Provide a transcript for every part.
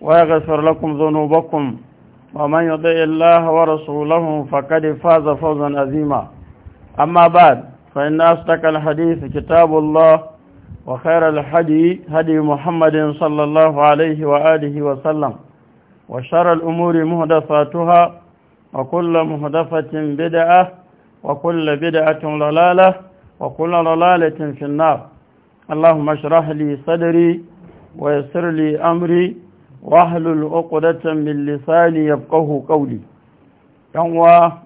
ويغفر لكم ذنوبكم ومن يطع الله ورسوله فقد فاز فوزا عظيما أما بعد فإن أصدق الحديث كتاب الله وخير الحدي هدي محمد صلى الله عليه وآله وسلم وشر الأمور مهدفاتها وكل مهدفة بدعة وكل بدعة ضلالة وكل ضلالة في النار اللهم اشرح لي صدري ويسر لي أمري wahalul uqdatan min lisani yafqahu qawli yanwa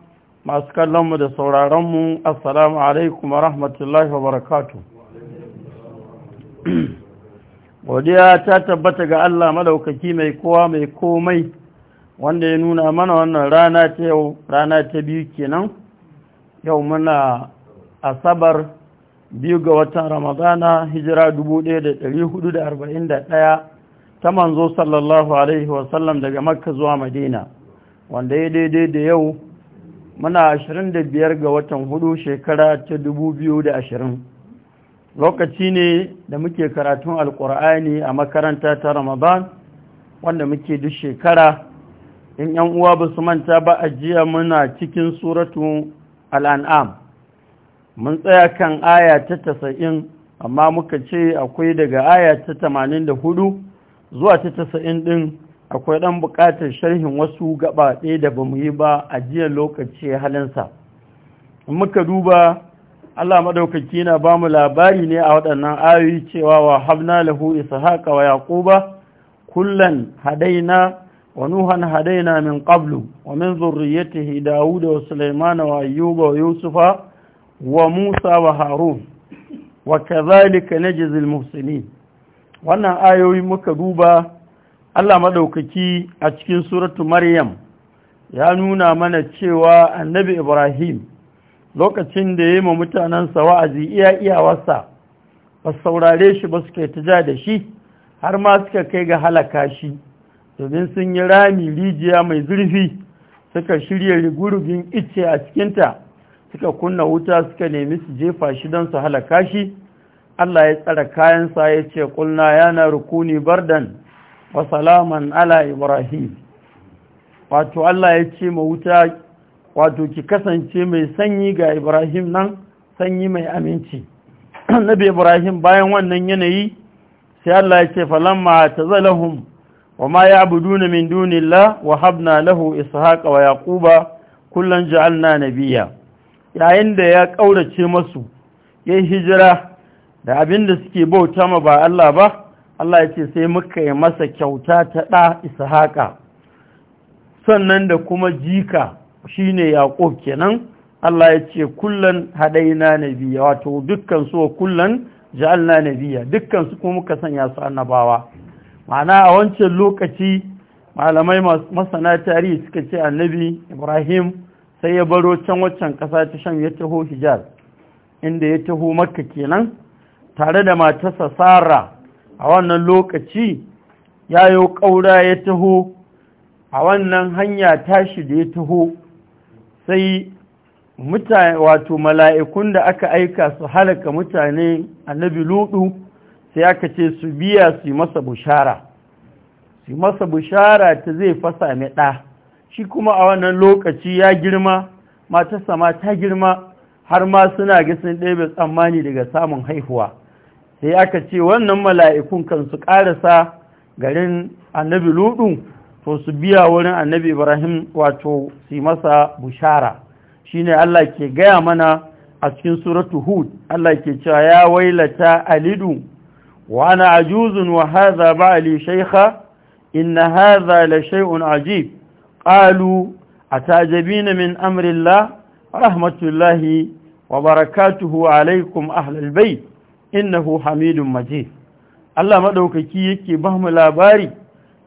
masu kallon mu da sauraron mu assalamu alaikum wa rahmatullahi wa barakatuh godiya ta tabbata ga Allah madaukaki mai kowa mai komai wanda ya nuna mana wannan rana ta yau rana ta biyu kenan yau muna asabar biyu ga watan ramadana hijira 1441 ta manzo sallallahu alaihi wasallam daga makka zuwa madina wanda ya daidai da yau muna 25 ga watan hudu shekara ta 2020 lokaci ne da muke karatun alkur'ani a makaranta ta ramadan wanda muke duk shekara in yan uwa ba su manta ba a jiya muna cikin suratu al'an'am mun tsaya kan aya ta 90 amma muka ce akwai daga aya ta 84 zuwa ta tasa'in ɗin akwai ɗan buƙatar sharhin wasu gaba ɗaya da ba mu yi ba a jiya lokaci halinsa muka duba Allah maɗaukaki na ba mu labari ne a waɗannan ayoyi cewa wa habna lahu ishaqa wa yaquba kullan hadaina wa nuhan hadaina min qablu wa min zurriyyatihi daud wa sulaiman wa ayyuba wa yusufa wa musa wa harun wa kadhalika najzi al wannan ayoyi muka duba Allah maɗaukaki a cikin suratu Maryam ya nuna mana cewa annabi Ibrahim lokacin da ya yi ma mutanensa wa'azi iya iyawarsa ba saurare shi ba suka yi ta da shi har ma suka kai ga halaka shi domin sun yi rami rijiya mai zurfi suka shirya rigurugin icce a cikinta suka kunna wuta suka nemi su jefa shi don su halaka shi Allah ya tsara kayansa ya ce kulna yana rukuni bardan wa salaman ala ibrahim wato Allah ya ce ma wuta wato ki kasance mai sanyi ga ibrahim nan sanyi mai aminci nabi ibrahim bayan wannan yanayi sai Allah ya ce falamma tazalahum وما يعبدون من wa الله wa له Kullum ويعقوب كلا جعلنا biya. yayin da ya ƙaurace masu ya hijira da abin da suke bauta ma ba Allah ba Allah ya ce sai muka yi masa kyauta ta ɗa ishaƙa sannan da kuma jika shine yaƙob kenan Allah ya ce kullan hadaina nabiya wato dukkan su kullan ja'alna nabiya dukkan su kuma muka sanya su annabawa ma'ana a wancan lokaci malamai masana tarihi suka ce annabi Ibrahim sai ya baro can waccan ƙasa ta shan ya taho Hijaz inda ya taho Makka kenan tare da matarsa sara a wannan lokaci ya yi ƙaura ya taho a wannan hanya tashi da ya taho sai mutane wato mala'ikun da aka aika su halaka mutane annabi ludu sai aka ce su biya su yi masa bushara su masa bushara ta zai fasa mai ɗa shi kuma a wannan lokaci ya girma matarsa ma ta girma har ma suna gasin ɗaya ɗaya tsammani daga samun haihuwa sai aka ce wannan mala'ikun kan su ƙarasa garin annabi ludu to su biya wurin annabi ibrahim wato su masa bushara shine Allah ke gaya mana a cikin suratu hud Allah ke cewa ya wailata alidu wa ana ajuzun wa hadha ba'li shaikha inna haza la shay'un ajib qalu atajabina min amrillah rahmatullahi wa barakatuhu alaikum ahlal bait inna hu hamidun majid Allah madaukaki yake ba mu labari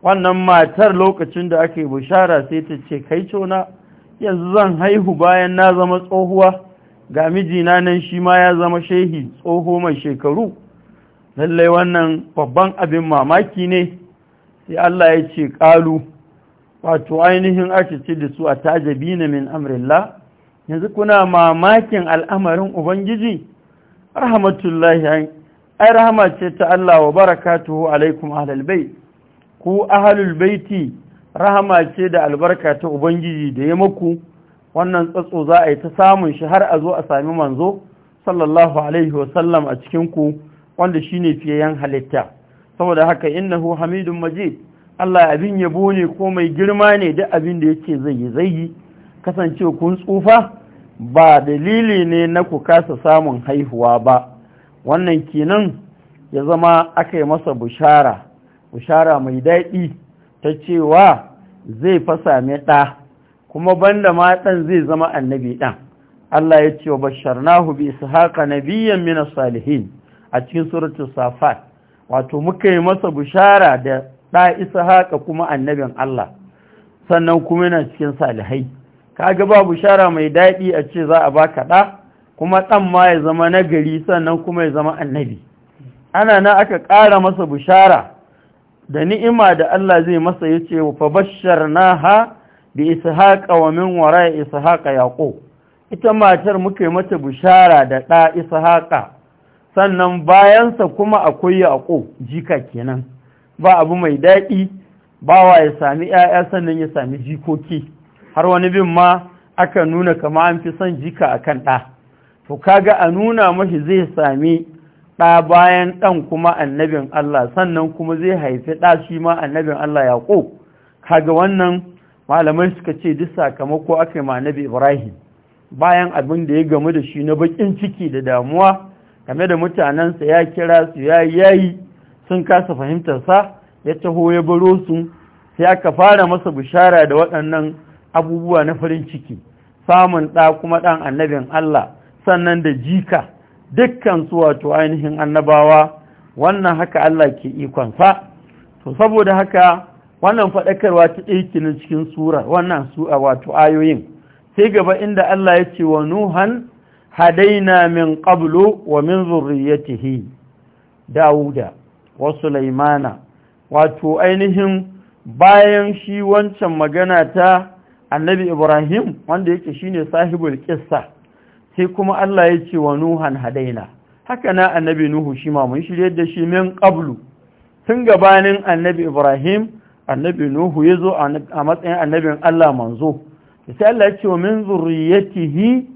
wannan matar lokacin da ake bushara sai ta ce kai cona yanzu zan haihu bayan na zama tsohuwa ga mijina nan shi ma ya zama shehi tsoho mai shekaru lallai wannan babban abin mamaki ne sai Allah ya ce 'Kalu,'' wato ainihin ake ce da su a tajabi na min amrilla yanzu kuna mamakin al'amarin Ubangiji rahmatullahi ai rahama ce ta Allah wa barakatuhu alaikum ahlul bait ku ahlul baiti rahama ce da albarka ta ubangiji da ya maku wannan tsatso za a yi ta samun shi har a zo a sami manzo sallallahu alaihi wa sallam a cikin ku wanda shine fiyayen halitta saboda haka innahu hamidun majid Allah abin yabo ne ko mai girma ne duk abin da yake zai yi zai yi kasance kun tsufa ba dalili ne na ku kasa samun haihuwa ba wannan kenan ya zama aka yi masa bushara bushara mai daɗi ta cewa zai fasa mai ɗa kuma banda ma ɗan zai zama annabi ɗan Allah ya ce wa basharnahu bi na biyan mina salihin a cikin suratun safat wato muka yi masa bushara da ɗa isa haka kuma annabin Allah sannan kuma yana cikin salihai kaga ba bushara mai daɗi a ce za a baka ɗa kuma ɗan ma ya zama nagari sannan kuma ya zama annabi ana na aka ƙara masa bushara da ni'ima da Allah zai masa ya ce ha da isa haƙa wa min wara ya isa haƙa yaƙo, ita matar muka yi mata bushara da ɗa isa haƙa, sannan bayansa kuma akwai yaƙo jika kenan ba abu mai daɗi ba wa ya sami 'ya'ya sannan ya sami jikoki har wani bin ma aka nuna kama an fi son jika a kan ɗa to kaga a nuna mashi zai sami ɗa bayan ɗan kuma annabin Allah sannan kuma zai haifi ɗa shi ma annabin Allah ya Ka kaga wannan malamai suka ce duk sakamako aka yi annabi Ibrahim bayan abin da ya gamu da shi na baƙin ciki da damuwa game da mutanensa ya kira su ya yayi sun kasa fahimtarsa ya taho ya baro su sai aka fara masa bishara da waɗannan abubuwa na farin ciki samun ɗa kuma ɗan annabin Allah sannan da jika dukkan su wato ainihin annabawa wannan haka Allah ke ikonsa to saboda haka wannan faɗakarwa ta ɗaiki na cikin sura wannan su a wato ayoyin sai gaba inda Allah ya ce wa nuhan hadaina min qablu wa min zurriyyatihi dauda wa sulaimana wato ainihin bayan shi wancan magana ta annabi ibrahim wanda yake shine sahibul qissa sai kuma Allah ya ce wa nuhan hadaina haka na annabi nuhu shi ma mun shirye da shi min qablu tun gabanin annabi ibrahim annabi nuhu yazo a matsayin annabin Allah manzo sai Allah ya ce wa min zurriyatihi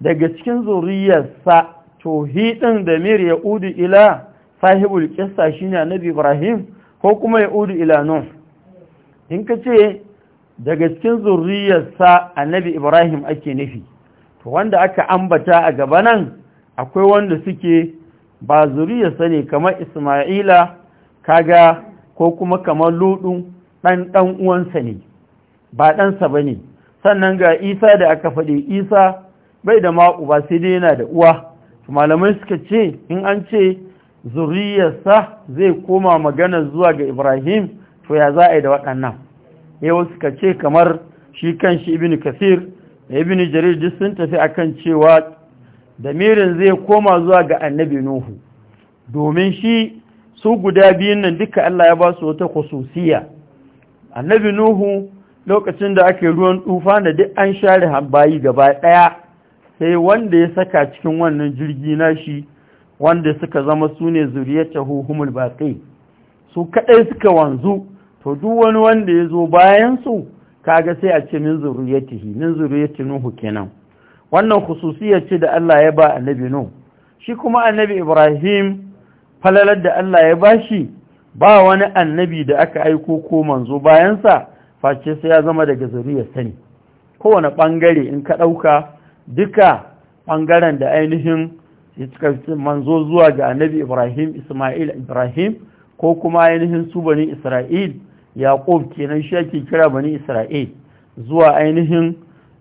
daga cikin zuriyarsa din da mir ya udu ila sahibul qissa shine annabi ibrahim ko kuma ya udu ila nuh in ka ce daga cikin zurriyarsa annabi ibrahim ake nufi to wanda aka ambata a gaba nan akwai wanda suke ba zurriyarsa ne kamar isma'ila kaga ko kuma kamar ludun ɗan ɗan uwansa ne ba ɗansa ba ne sannan ga isa da aka faɗi isa bai da ma uba sai dai yana da uwa malamai suka ce in an ce zuriyarsa zai koma magana zuwa ga ibrahim to ya za a yi da waɗannan wasu suka ce kamar shi kan shi ibini kasir da ibini jarir duk sun tafi akan cewa damirin zai koma zuwa ga annabi nuhu domin shi su guda biyun nan duka Allah ya ba su wata khususiya annabi nuhu lokacin da ake ruwan tufa da duk an share hambayi gaba daya sai wanda ya saka cikin wannan jirgi nashi wanda suka zama su ne zuriyar tahuhumul baƙi su kaɗai suka wanzu to duk wani wanda ya zo bayan su kaga sai a ce min zuriyatihi min zuriyati nuhu kenan wannan khususiyar ce da Allah ya ba annabi nuh shi kuma annabi ibrahim falalar da Allah ya bashi ba wani annabi da aka aiko ko manzo bayansa face sai ya zama daga zuriyar sani kowane bangare in ka ɗauka duka bangaren da ainihin manzo zuwa ga annabi ibrahim ismail ibrahim ko kuma ainihin su bani isra'il yaƙob kenan shi ake kira bani isra'il zuwa ainihin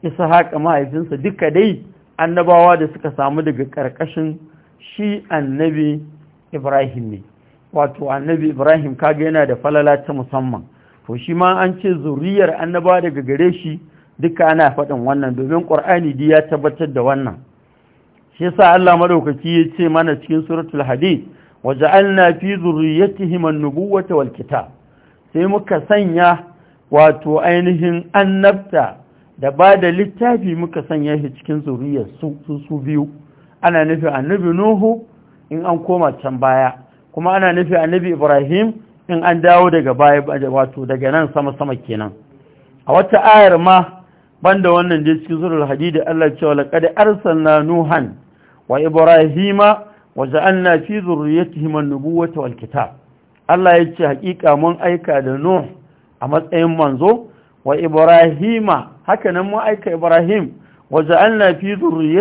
isa haƙa mahaifinsa duka dai annabawa da suka samu daga ƙarƙashin shi annabi ibrahim ne wato annabi ibrahim kaga yana da falala ta musamman to shi ma an ce zuriyar annaba daga gare shi duka ana faɗin wannan domin ƙur'ani di ya tabbatar da wannan shi sa Allah maɗaukaki ya ce mana cikin suratul hadid waja'alna fi zurriyyatihim an-nubuwwata sai muka sanya wato ainihin annabta da ba da littafi muka sanya shi cikin zuriyar su su biyu ana nufi annabi nuhu in an koma can baya kuma ana nufi annabi ibrahim in an dawo daga baya wato daga nan sama-sama kenan a wata ayar ma banda wannan da cikin zurul hadidi Allah cewa laqad arsalna nuhan wa ibrahima wa ja'alna fi dhurriyyatihim an-nubuwwata wal kitab Allah ya ce hakika mun aika da Nuh a matsayin manzo wa Ibrahima haka nan mun aika Ibrahim wa ja'alna fi ya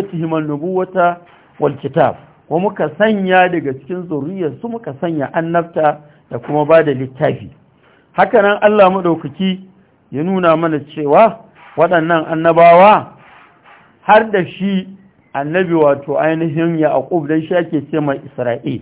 an-nubuwata wal kitab wa muka sanya daga cikin zuriyar su muka sanya annabta da kuma ba da littafi haka nan Allah madaukaki ya nuna mana cewa waɗannan annabawa har da shi annabi wato ainihin yaqub dan shi ake ce mai Isra'il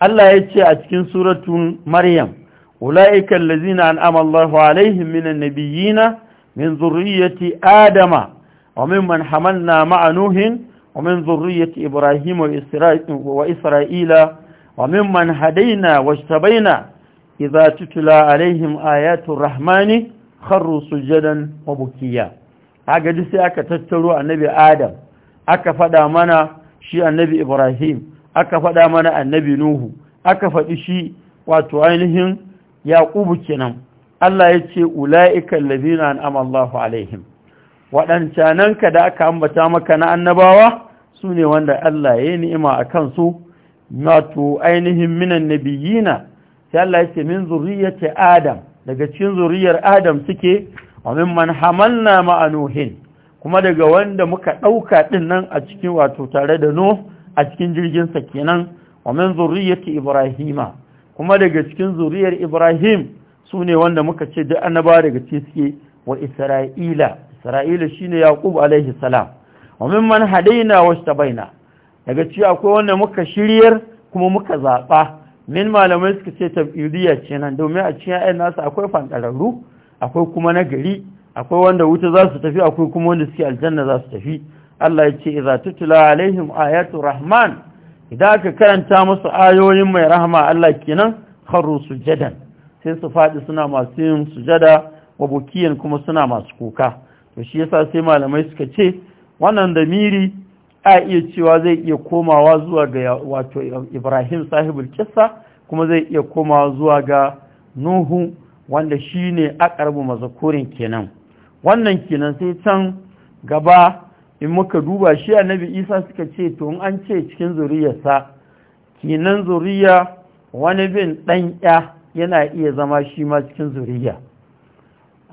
Allah ya ce a cikin suratun Maryam, Ula'ikan lazina an amallahu alaihim minan nabiyina min zurriyati Adama, wa min man hamalna ma'anuhin, wa min zurriyati Ibrahim wa Isra'ila, wa min man hadaina wa shtabaina, Iza tutula alaihim ayatun rahmani, kharru sujadan wa bukiya. Haka sai aka tattaro annabi Adam, aka faɗa mana shi annabi Ibrahim. aka faɗa mana annabi nuhu aka faɗi shi wato ainihin yaƙubu kenan Allah ya ce ula'ikan allazina an'ama Allahu alaihim waɗancananka da aka ambata maka na annabawa sune ne wanda Allah ya yi ni'ima a kansu wato ainihin minan nabiyina sai Allah ya ce min zuriyati Adam daga cikin zuriyar Adam suke wa man hamalna ma'anuhin kuma daga wanda muka ɗauka ɗin a cikin wato tare da Nuhu? a cikin jirginsa kenan wa min ibrahima kuma daga cikin zuriyar ibrahim su ne wanda muka ce duk annaba daga cikin suke wa isra'ila isra'ila shine yaqub alaihi salam wa man hadaina washtabaina daga ci akwai wanda muka shiryar kuma muka zaɓa min malamai suka ce tabiriya ce nan domin a cikin ayyana nasu akwai fankararru akwai kuma gari akwai wanda wuta za su tafi akwai kuma wanda suke aljanna za su tafi Allah ya ce idza tula alaihim ayatu rahman idan aka karanta musu ayoyin mai rahama Allah kenan kharu sujadan sai su faɗi suna masu yin sujada wa kuma suna masu kuka to shi yasa sai malamai suka ce wannan damiri a iya cewa zai iya komawa zuwa ga wato Ibrahim sahibul kissa kuma zai iya komawa zuwa ga Nuhu wanda shi shine aqrabu mazakurin kenan wannan kenan sai can gaba in muka duba shi annabi isa suka ce to in an ce cikin zuriyarsa kinan zuriya wani bin ɗan ya yana iya zama shi ma cikin zuriya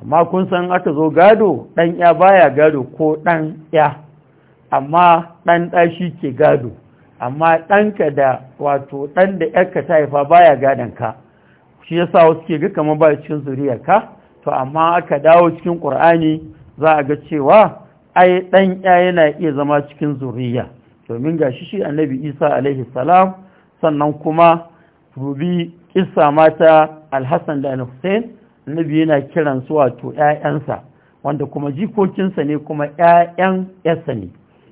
amma kun san aka zo gado ɗan ya baya gado ko ɗan ya amma ɗan ɗa shi ke gado amma ɗanka da wato ɗan da ‘yarka ta haifa baya gadon ka shi yasa wasu ke ga kamar ba cikin zuriya ka to amma aka dawo cikin ƙur'ani za a ga cewa ai ɗan ya yana iya zama cikin zuriya domin ga shi annabi isa alaihi salam sannan kuma rubi kissa mata alhassan da hussein annabi yana kiran su wato ‘ya'yansa wanda kuma jikokinsa ne kuma ‘ya'yan ‘yarsa ne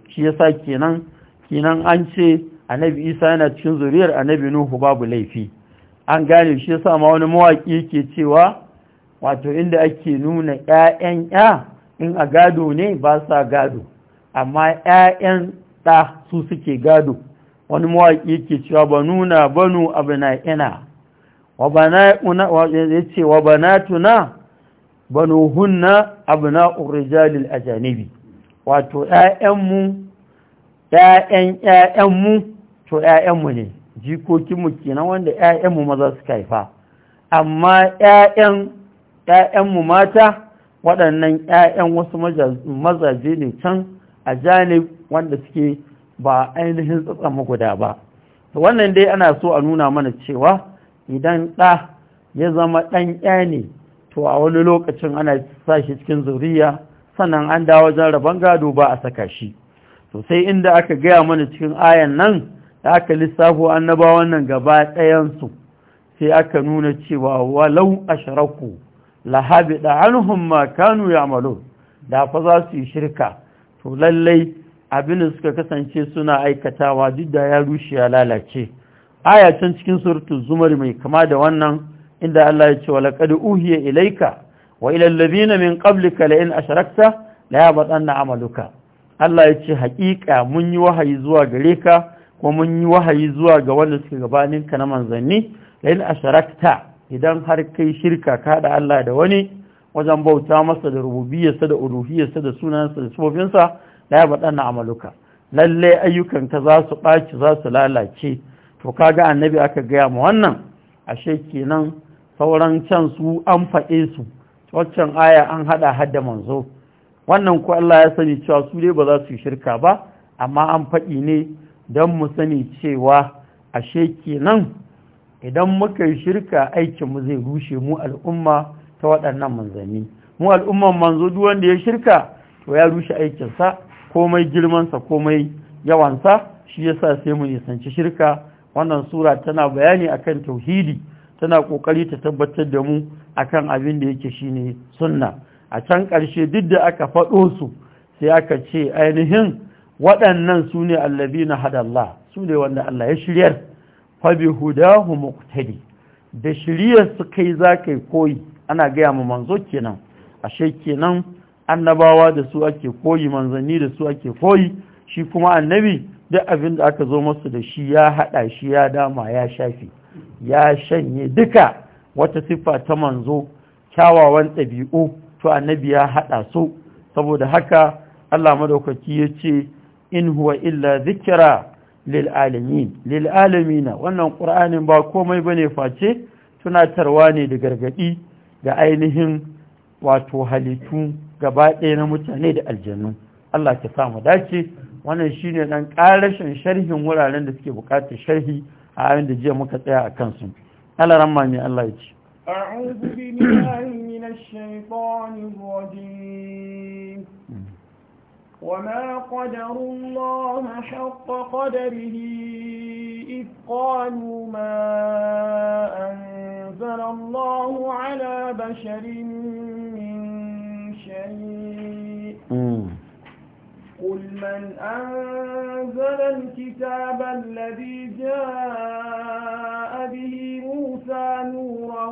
shi yasa kenan kenan an ce annabi isa yana cikin zuriyar annabi nuhu babu laifi an gane shi yasa ma wani mawaƙi ke cewa wato inda ake nuna ‘ya'yan ‘ya’ in a gado ne ba sa gado amma 'ya'yan ta su suke gado wani mawaƙi ke cewa ba nuna nu abu na ina wa na tuna nu hunna abu na orijalil a janibi wato 'ya'yanmu 'ya'yan 'ya'yanmu to 'ya'yanmu ne jikokinmu kenan wanda 'ya'yanmu maza suka haifa amma ya'yan 'ya'yanmu mata waɗannan 'ya'yan wasu mazaje ne can a janib wanda suke ba ainihin tsatsan maguda ba wannan dai ana so a nuna mana cewa idan ɗa ya zama ɗan 'ya ne to a wani lokacin ana sa shi cikin zuriya sannan an dawo wajen rabon gado ba a saka shi to sai inda aka gaya mana cikin ayan nan da aka lissafo annabawan nan gaba ɗayansu sai aka nuna cewa walau asharaku lahabi da anuhun ma kanu malo da fa za su yi shirka to lallai abin da suka kasance suna aikatawa duk da ya rushe ya lalace aya can cikin surutu zumar mai kama da wannan inda Allah ya ce wa laqad uhiya ilayka wa ila alladhina min qablika la in ashrakta la yabatanna amaluka Allah ya ce haƙiƙa mun yi wahayi zuwa gare ka kuma mun yi wahayi zuwa ga wanda suke gabanin ka na manzanni la in sharakta. idan har kai shirka ka haɗa Allah da wani wajen bauta masa da rububiyarsa da uluhiyarsa da sunansa da sufofinsa da ya na amaluka lalle ayyukanka za su ɓaci za su lalace to kaga annabi aka gaya ma wannan ashe kenan sauran can su an faɗe su waccan aya an haɗa hadda manzo wannan ko Allah ya sani cewa su dai ba za su yi shirka ba amma an faɗi ne don mu sani cewa ashe kenan idan muka yi shirka aikinmu zai rushe mu al'umma ta waɗannan manzanni mu al'umman manzo wanda ya shirka to ya rushe aikinsa komai girmansa komai yawansa shi yasa sai mu nisanci shirka wannan sura tana bayani akan tauhidi tana ƙoƙari ta tabbatar da mu akan abin da yake shine sunna a can ƙarshe duk da aka faɗo su sai aka ce ainihin waɗannan su ne na hadallah su ne wanda Allah ya shiryar fabi hudahu muqtadi da shiriyar su kai zakai koyi ana gaya ma manzo kenan ashe kenan annabawa da su ake koyi manzanni da su ake koyi shi kuma annabi duk abin da aka zo masu da shi ya haɗa shi ya dama ya shafi ya shanye duka wata siffa ta manzo kyawawan ɗabi'u to annabi ya haɗa su saboda haka Allah madaukaki ya ce in huwa illa zikira lil'alamin lil'alamina wannan ƙur'anin ba komai ba ne face tunatarwa ne da gargaɗi ga ainihin wato halittu gaba ɗaya na mutane da aljannu Allah ta samu dace wannan shi ne ɗan ƙarashin sharhin wuraren da suke buƙatar sharhi a abin da jiya muka tsaya a kansu Allah ne Allah ya ce أعوذ بالله من الشيطان الرجيم وما قدر الله حق قدره إذ قالوا ما أنزل الله على بشر من شيء قل من أنزل الكتاب الذي جاء به موسى نورا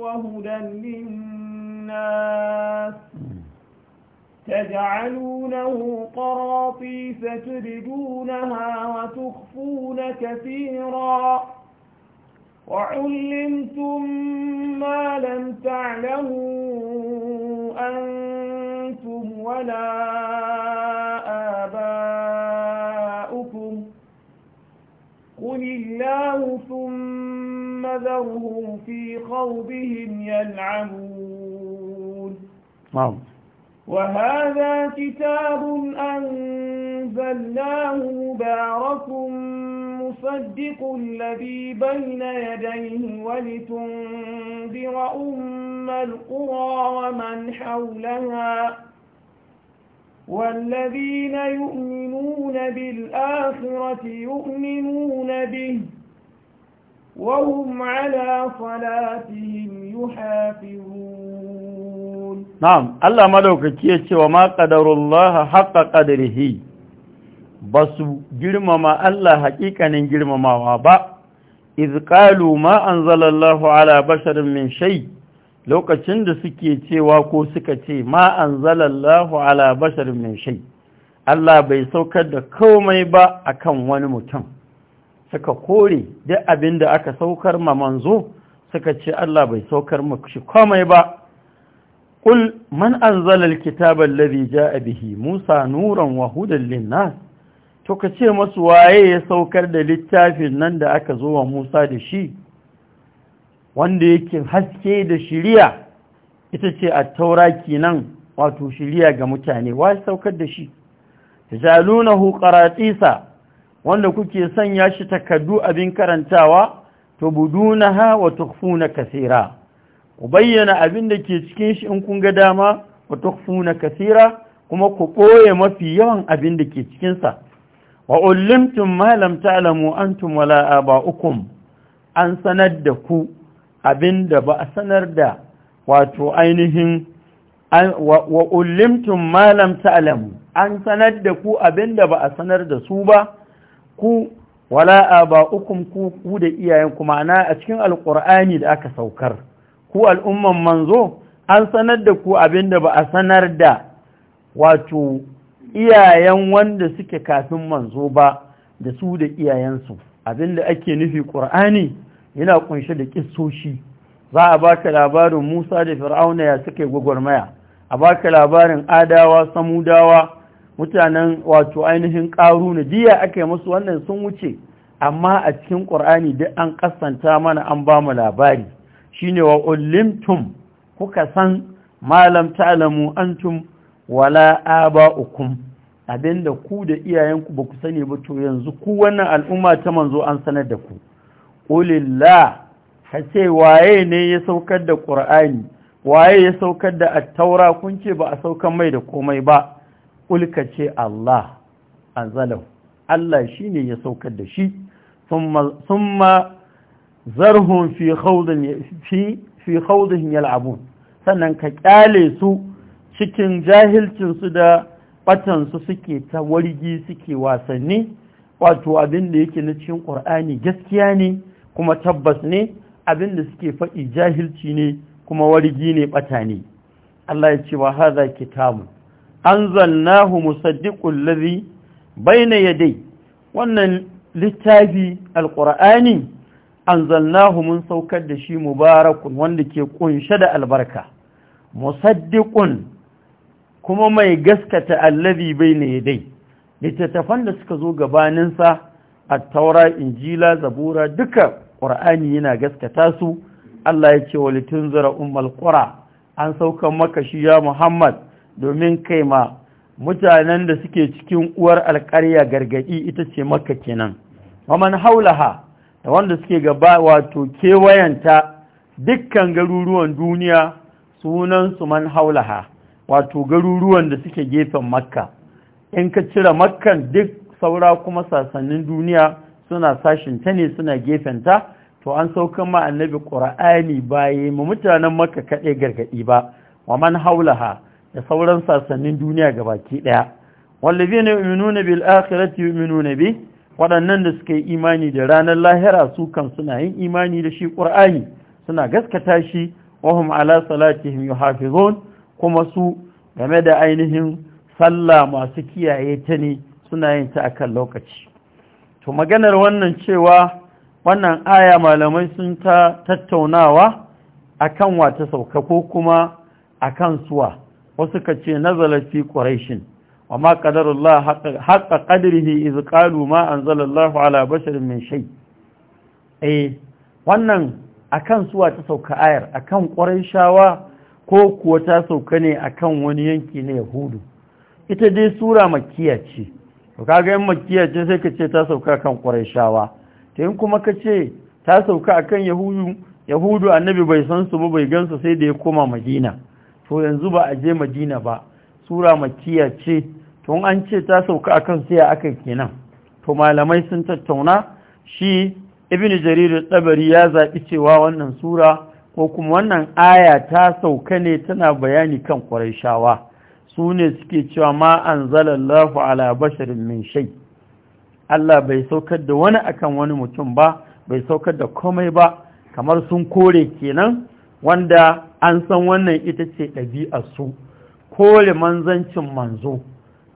وهدى للناس تجعلونه قراطيس تبدونها وتخفون كثيرا وعلمتم ما لم تعلموا أنتم ولا آباؤكم قل الله ثم ذرهم في خوضهم يلعبون نعم. وهذا كتاب أنزلناه مبارك مصدق الذي بين يديه ولتنذر أم القرى ومن حولها والذين يؤمنون بالآخرة يؤمنون به وهم على صلاتهم يحافظون na'am Allah madaukaki ya ce wa ma qadarullah haqqa qadrihi basu girmama Allah hakikanin girmamawa ba iz qalu ma anzalallahu ala basharin min shay lokacin da suke cewa ko suka ce ma anzalallahu ala basharin min shay Allah bai saukar da komai ba akan wani mutum suka kore duk abin da aka saukar ma manzo suka ce Allah bai saukar mu shi komai ba قل من kitabar الكتاب الذي جاء به موسى نورا وهدى للناس to ka ce masu waye ya saukar da littafin nan da aka zo wa Musa da shi wanda yake haske da shiriya ita ce a tauraki nan wato shiriya ga mutane ya saukar da shi tajalunahu qaratisa wanda kuke sanya shi takaddu abin karantawa to budunaha wa tukhfuna kaseera ku bayyana abin da ke cikin shi in kun ga dama wa tukfuna kasira kuma ku ɓoye mafi yawan abin da ke cikinsa wa ullimtum ma lam ta'lamu antum la aba'ukum an sanar da ku abin da ba a sanar da wato ainihin wa ullimtum ma lam ta'lamu an sanar da ku abin da ba a sanar da su ba ku wala aba'ukum ku ku da iyayen kuma na a cikin alqur'ani da aka saukar ku al'umman manzo an sanar da ku abin da ba a sanar da wato iyayen wanda suke kafin manzo ba da su da iyayensu abin da ake nufi ƙur'ani yana kunshe da ƙistoshi za a baka labarin musa da fir'auna ya suka yi gwagwarmaya a baka labarin adawa samudawa mutanen wato ainihin ƙaru na jiya aka yi musu wannan sun wuce amma a cikin ƙur'ani duk an kasanta mana an ba mu labari shine wa ulimtum kuka san malam ta'lamu antum wala aba'ukum abinda ku da iyayenku ba ku sani ba to yanzu ku wannan al'umma ta manzo an sanar da ku qulillah ka ce waye ne ya saukar da qur'ani waye ya saukar da at-taura kun ce ba a saukar mai da komai ba ulka ce Allah anzalahu Allah shine ya saukar da shi Summa thumma zarhun fi khawdin fi yal'abun sannan ka kyale su cikin jahilcinsu da batan su suke ta wargi suke wasanni wato abin da yake na cikin qur'ani gaskiya ne kuma tabbas ne abin da suke faɗi jahilci ne kuma wargi ne bata ne Allah ya ce wa hadha kitabun anzalnahu musaddiqul ladhi bayna yadai wannan littafi alqur'ani anzalnahu mun saukar da shi mubarakun wanda ke kunshe da albarka musaddiqun kuma mai gaskata allabi allazi ne dai. littattafan da suka zo gabaninsa a taura injila zabura duka ƙur'ani yana gaskata su Allah ya ce wa litunzira umar qura an sauka maka shi ya Muhammad domin kai ma mutanen da suke cikin uwar alƙarya gargadi ita ce maka kenan wa man haulaha da wanda suke gaba wato kewayenta dukkan garuruwan duniya sunansu man haulaha wato garuruwan da suke gefen makka in ka cire makkan duk saura kuma sasannin duniya suna sashin ta ne suna gefen ta. to an saukan ma annabi ƙura'ani baye mu mutanen makka kaɗai gargaɗi ba wa man haulaha da sauran sasannin duniya gabaki ɗaya wallazi ne yuminuna bil akhirati yuminuna bi waɗannan da suka yi imani da ranar lahira su kan suna yin imani da shi ƙur'ani suna gaskata shi wahum ala salatihim yuhafizun kuma su game da ainihin sallah masu kiyaye ta ne suna yin ta akan lokaci to maganar wannan cewa wannan aya malamai sun ta tattaunawa akan wata sauka ko kuma akan suwa wasu ka ce nazala fi quraishin wa ma qadarullah haqqa qadrihi iz qalu ma anzalallahu ala basharin min shay eh wannan akan suwa ta sauka ayar akan shawa ko kuwa ta sauka ne akan wani yanki na yahudu ita dai sura makkiya ce to kaga yan makkiya ce sai ka ce ta sauka kan shawa to in kuma ka ce ta sauka akan yahudu yahudu annabi bai san su ba bai gansu sai da ya koma madina to yanzu ba a je madina ba sura makiya ce tun an ce ta sauka akan sai aka kenan to malamai sun tattauna shi ibn jarir dabari ya zaɓi cewa wannan sura ko kuma wannan aya ta sauka ne tana bayani kan ƙwarishawa su ne suke cewa ma an zalallahu ala basharin min shai Allah bai saukar da wani akan wani mutum ba bai saukar da komai ba kamar sun kore kenan wanda an san wannan ita ce ɗabi'ar su kore manzancin manzo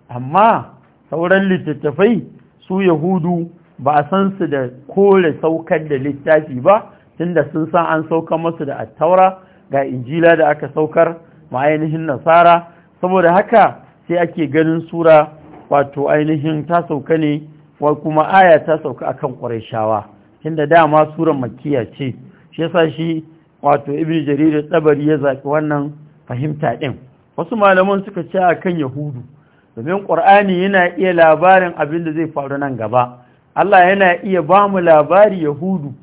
amma sauran littattafai su yahudu ba a san su da kore saukar da littafi ba tunda sun san an sauka masu da attaura ga injila da aka saukar ma ainihin nasara saboda haka sai ake ganin sura wato ainihin ta sauka ne wa kuma aya ta sauka a akan ƙwarishawa inda dama sura makiya ce shi yasa shi wato ibn jarir tabari ya zaɓi wannan fahimta ɗin. wasu malaman suka ce a kan yahudu domin ƙur'ani yana iya labarin abin da zai faru nan gaba Allah yana iya ba mu labari yahudu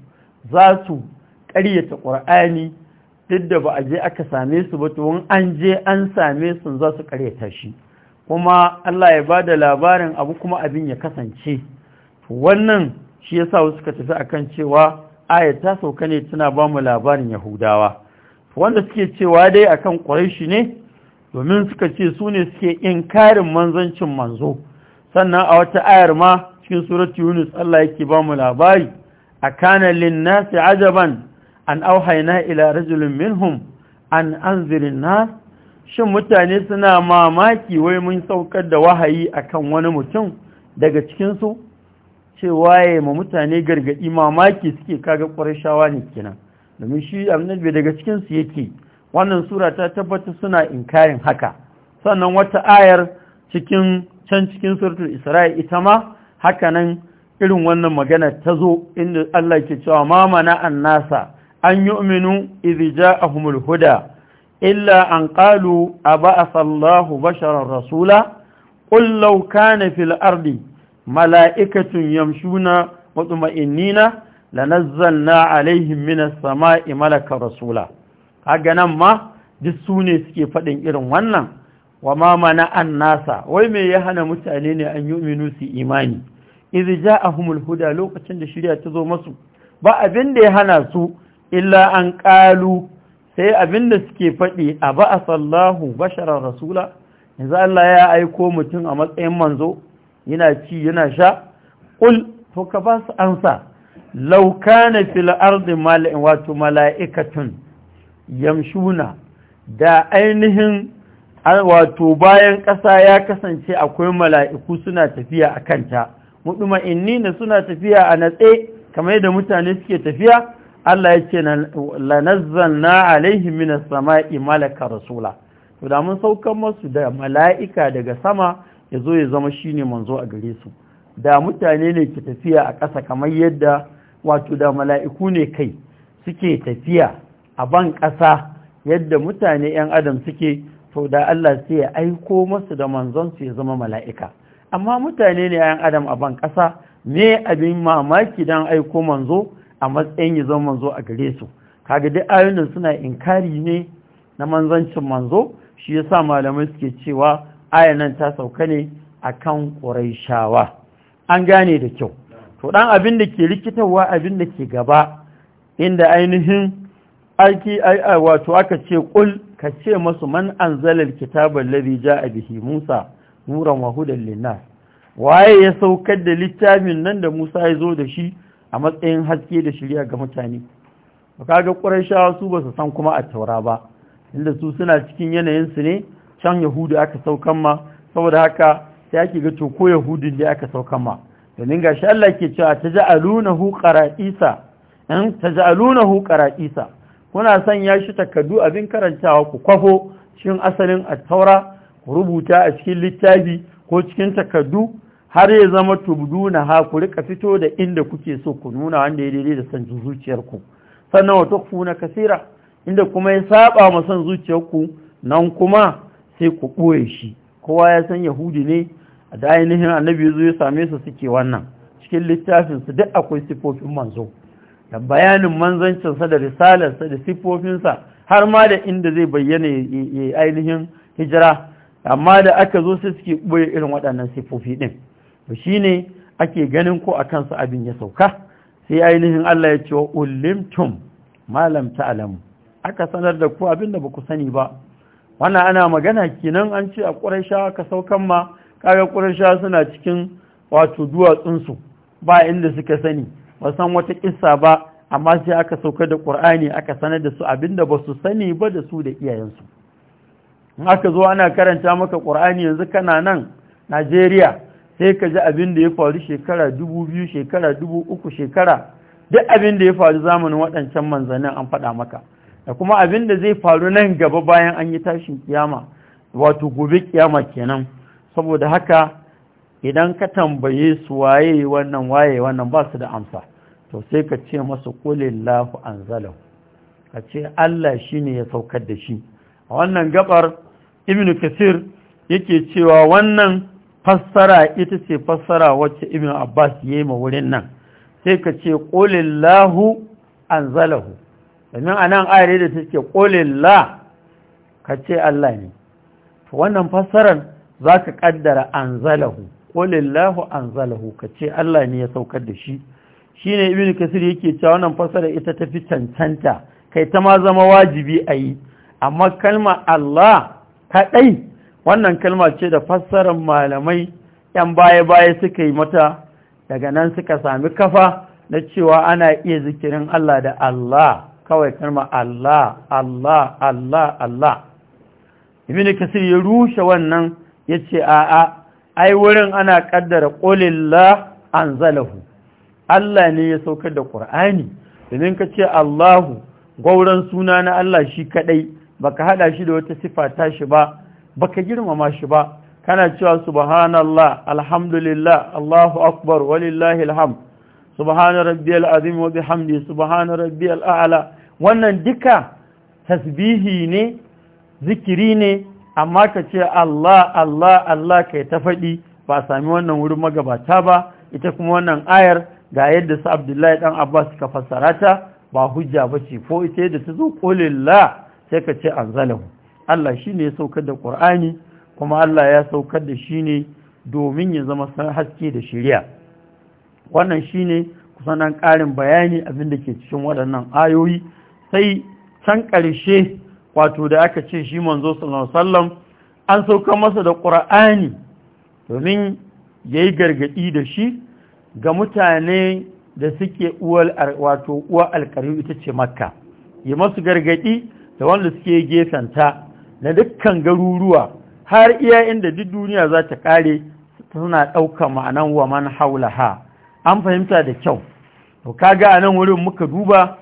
za su ƙaryata ƙwar'ani duk da ba a je aka same su ba tuwon an je an same su za su ƙaryata shi kuma Allah ya ba da labarin abu kuma abin ya kasance wannan shi ya sa suka tafi akan cewa aya ta sauka ne tana ba mu labarin yahudawa wanda suke cewa dai akan kan ne domin suka ce su ne suke inkarin manzancin manzo sannan a wata ayar ma cikin surat yunus Allah yake ba mu labari a kana linnasi ajaban an auhaina ila rajulun minhum an anzirin nas shin mutane suna mamaki wai mun saukar da wahayi akan wani mutum daga cikinsu Ce waye ma mutane gargaɗi mamaki suke kaga ƙwarar shawa ne kenan domin shi annabi daga cikinsu yake wannan sura ta tabbata suna inkarin haka sannan wata ayar cikin can cikin suratul isra'i ita ma haka nan irin wannan magana ta zo inda Allah ke cewa ma mana annasa an yu'minu idh ja'ahumul huda illa an qalu aba'atha Allahu basharan rasula qul law kana fil ardi mala'ikatun yamshuna na, tuma'innina lanazzalna alaihim minas sama'i malaka rasula kaga nan ma duk su ne suke faɗin irin wannan wa ma mana an nasa wai me ya hana mutane ne an yi su imani idh ja'ahumul huda lokacin da shirya ta zo masu ba abin da ya hana su illa an qalu sai abin da suke faɗi a ba sallahu basharar rasula yanzu Allah ya aiko mutum a matsayin manzo yana ci yana sha ƙul to ka ba su ansa laukana fil ardi wato mala'ikatun yamshuna da ainihin wato bayan ƙasa ya kasance akwai mala'iku suna tafiya a kanta muɗuma innina suna tafiya a natse kamar yadda mutane suke tafiya Allah ya ce na alaihi minas sama'i malaka rasula to da mun saukan masu da mala'ika daga sama ya zo ya zama shine manzo a gare su da mutane ne ke tafiya a ƙasa kamar yadda wato da mala'iku ne kai suke tafiya a ban ƙasa yadda mutane 'yan adam suke to da Allah sai ya aiko masu da manzon su ya zama mala'ika amma mutane ne 'yan adam a ban ƙasa me abin mamaki don aiko manzo a matsayin ya zama manzo a gare su kaga duk suna inkari ne na manzancin manzo shi ya sa malamai suke cewa ayanan ta sauka ne a kan ƙuraishawa an gane da kyau to ɗan abin da ke rikitarwa abin da ke gaba inda ainihin aiki ai wato aka ce kul ka ce masu man anzalal kitabal ladhi jaa bihi Musa nuran wa hudan linnas waye ya saukar da littafin nan da Musa ya zo da shi a matsayin haske da shirya ga mutane kaga Qurayshawa su ba su san kuma a taura ba inda su suna cikin yanayin su ne can Yahudu aka saukan ma saboda haka sai ake ga to ko Yahudin da aka saukan ma domin gashi Allah ke cewa taja'alunahu qara'isa an hmm? taja'alunahu qara'isa kuna ya shi takardu abin karantawa ku kwafo cikin asalin ku rubuta a cikin littafi ko cikin takardu har ya zama tubudu na ha ku rika fito da inda kuke so ku nuna wanda ya daidai da son zuciyarku sannan wato wa na kasira inda kuma ya saba ma son zuciyarku nan kuma sai ku ɓoye shi kowa ya san yahudi ne da ainihin annabi ya zo ya same su suke wannan cikin littafin su duk akwai sifofin manzo da bayanin manzancinsa da risalarsa da siffofinsa har ma da inda zai bayyana ya ainihin hijira amma da aka zo sai suke ɓoye irin waɗannan siffofi ɗin to shi ne ake ganin ko a kansu abin ya sauka sai ainihin Allah ya ce wa ulimtum malam ta'alam aka sanar da ku abin da ba ku sani ba wannan ana magana kenan an ce a ƙuraisha ka saukan ma kaga ƙuraisha suna cikin wato duwatsunsu ba inda suka sani ba san wata kissa ba amma sai aka saukar da ƙur'ani aka sanar da su abinda ba su sani ba da su da iyayensu in aka zo ana karanta maka ƙur'ani yanzu kana nan najeriya sai ka ji abin da ya faru shekara dubu biyu shekara dubu uku shekara duk abin da ya faru zamanin waɗancan manzannin an faɗa maka da kuma abin da zai faru nan gaba bayan an yi tashin kiyama wato gobe kiyama kenan saboda haka idan ka tambaye su waye wannan waye wannan ba su da amsa to sai ka ce masu kulillahu anzalahu ka ce Allah shine ya saukar da shi a wannan gabar ibnu kasir yake cewa wannan fassara ita ce fassara wacce ibnu abbas yayi ma wurin nan sai ka ce kulillahu anzalahu domin anan ayar da take kulillah ka ce Allah ne to wannan fassarar ka kaddara anzalahu qulillahu anzalahu kace Allah ne ya saukar da shi shine ibnu kasir yake cewa wannan fasara ita fi cancanta kai ta ma zama wajibi a yi amma kalma Allah kaɗai wannan kalma ce da fassarar malamai ‘yan baya-baya suka yi mata daga nan suka sami kafa na cewa ana iya zikirin Allah da Allah kawai kalma Allah Allah Allah Allah ibn kasir ya rushe wannan yace ce a'a ai wurin ana kaddara qulillah anzalahu Allah ne ya saukar da Qur'ani idan ka ce Allahu gauran suna na Allah shi kadai baka hada shi da wata sifa ta shi ba baka girmama shi ba kana cewa subhanallah alhamdulillah Allahu akbar walillahi alhamd subhana rabbiyal azim wa bihamdi subhana rabbiyal a'la wannan duka tasbihi ne zikiri ne amma ka ce Allah Allah Allah kai ta faɗi ba sami wannan wurin magabata ba ita kuma wannan ayar ga yadda su Abdullahi dan Abbas ka fassara ta ba hujja ba ce ko ita yadda ta zo qulillah sai ka ce anzalahu Allah shine ya saukar da ƙur'ani kuma Allah ya saukar da shi ne domin ya zama san haske da shari'a wannan shine kusan dan ƙarin bayani abin da ke cikin waɗannan ayoyi sai can ƙarshe wato da aka ce shi manzo sallallahu alaihi an sauka masa da ƙura'ani domin ya yi gargaɗi da shi ga mutane da suke wato uwa alkari ita ce makka yi masu gargaɗi da wanda suke gefen ta. na dukkan garuruwa har iya inda duk duniya za ta ƙare suna ɗauka ma'anan wa man haulaha an fahimta da kyau to kaga a nan wurin muka duba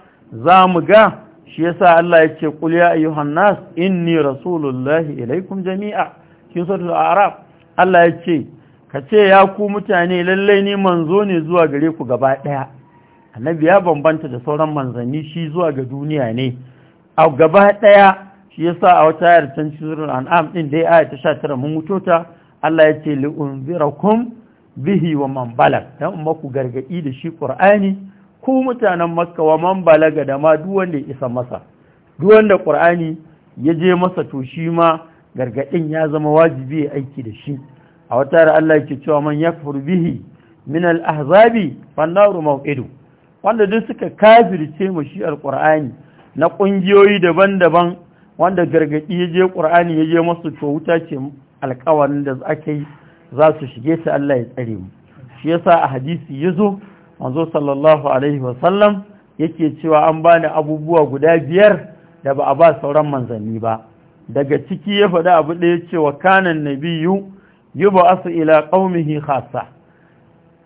za mu ga shi yasa Allah ya ce qul ya ayyuhan nas inni rasulullahi ilaikum jami'a kin suratul a'raf Allah ya ce ka ce ya ku mutane lallai ni manzo ne zuwa gare ku gaba daya annabi ya bambanta da sauran manzanni shi zuwa ga duniya ne a gaba daya shi yasa a wata ayar can suratul an'am din dai aya sha 19 mun mutu ta Allah ya ce li unzirakum bihi wa man balag dan maku gargadi da shi qur'ani ku mutanen makka wa man balaga da ma duk wanda ya isa masa duk wanda qur'ani ya je masa to shi ma gargadin ya zama wajibi ya aiki da shi a wata da Allah yake cewa man yakfur bihi min al-ahzabi fannaru mawqidu wanda duk suka kafirce mu shi al-qur'ani na kungiyoyi daban-daban wanda gargadi ya je qur'ani ya je masa to wuta ce alƙawarin da aka yi za su shige ta Allah ya tsare mu shi yasa a hadisi yazo manzo sallallahu alaihi wasallam yake cewa an bani abubuwa guda biyar da ba a ba sauran manzanni ba daga ciki ya faɗi abu ɗaya cewa kanan nabiyu asu ila qaumihi khassa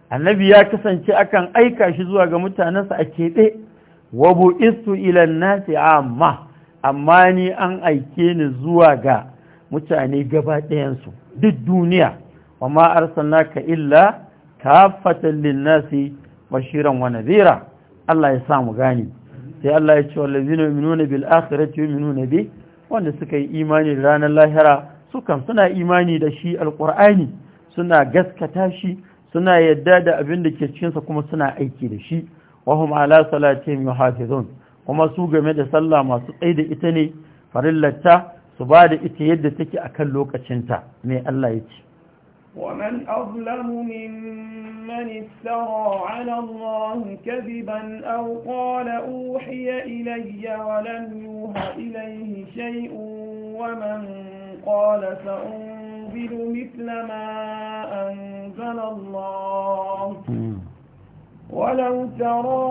annabi ya kasance akan aika shi zuwa ga mutanensa a keɓe wa istu ila nasi amma amma ni an aike ni zuwa ga mutane gaba ɗayansu duk duniya wa ma arsalnaka illa kafatan lin nasi bashiran wa nadhira Allah ya sa mu gani sai Allah ya ce wallazina yu'minuna bil akhirati yu'minuna bi wanda suka yi imani da ranar lahira sukan suna imani da shi alqur'ani suna gaskata shi suna yadda da abin da ke cikin sa kuma suna aiki da shi wa hum ala salatihim yuhafizun kuma su game da sallah masu tsaida da ita ne farillata su ba da ita yadda take akan lokacinta Me Allah ya ce ومن أظلم ممن افترى على الله كذبا أو قال أوحي إلي ولم يوه إليه شيء ومن قال سأنزل مثل ما أنزل الله ولو ترى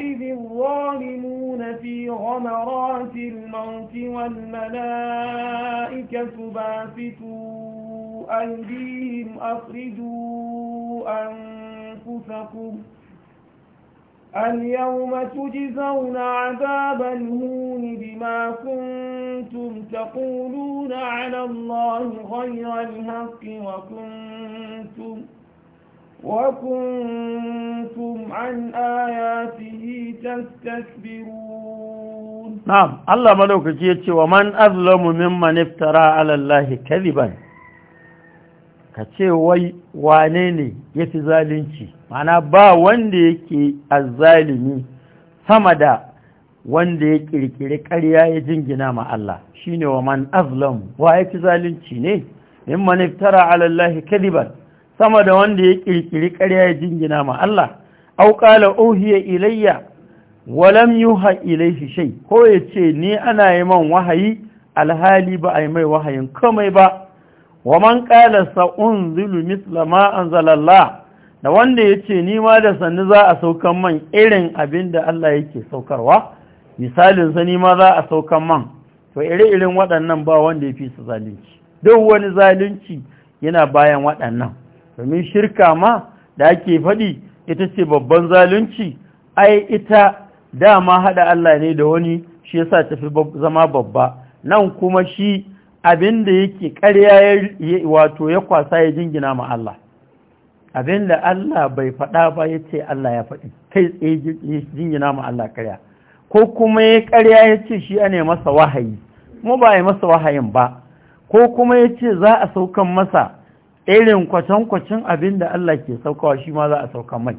إذ الظالمون في غمرات الموت والملائكة باسطون أيديهم أخرجوا أنفسكم اليوم تجزون عذاب الهون بما كنتم تقولون على الله غير الحق وكنتم وكنتم عن آياته تستكبرون نعم الله ملوك جيتي ومن أظلم ممن افترى على الله كذبا ka ce wai wane ne ya fi zalunci mana ba wanda yake azzalimi sama da wanda ya ƙirƙiri ƙarya ya jingina ma Allah shi ne wa man azlam wa ya fi zalunci ne in maniftara alallahi kadiban sama da wanda ya ƙirƙiri ƙarya ya jingina ma Allah auƙala ohiya ilayya walam yuha ilaihi shay ko ya ce ni ana yi man wahayi alhali ba a yi mai wahayin komai ba wa man sa'un sa'unzilu mithla ma anzalallah da wanda yace ni ma da sannu za a saukan man irin abinda Allah yake saukarwa misalin sani ma za a saukan man to ire irin waɗannan ba wanda ya fi su zalunci duk wani zalunci yana bayan waɗannan domin shirka ma da ake faɗi ita ce babban zalunci ai ita dama haɗa Allah ne da wani shi yasa tafi zama babba nan kuma shi Abin da yake ƙarya wato ya kwasa ya jingina ma Allah abinda Allah bai faɗa ba ya ce Allah ya faɗi kai tsaye jingina ma Allah ƙarya ko kuma ya ƙarya ya ce shi ne masa wahayi kuma ba ya masa wahayin ba ko kuma ya ce za a saukan masa irin abin abinda Allah ke saukawa shi ma za a saukan mai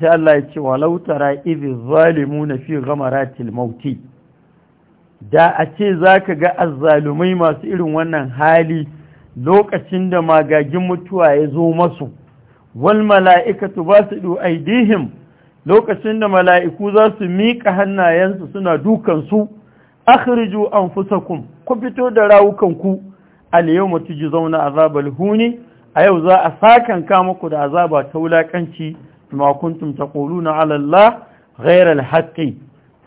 sai Allah ya ce walau tara zalimu na fi ratil mauti da a ce za ka ga azzalumai masu irin wannan hali lokacin da magagin mutuwa ya zo masu wal mala'ikatu ba su aidihim lokacin da mala'iku za su miƙa hannayensu suna dukansu akhriju kun, ku fito da rawukanku al zauna zauna azabar huni a yau za a sakanka ku da azaba ta wulaƙanci, ma kuntum taquluna ala Allah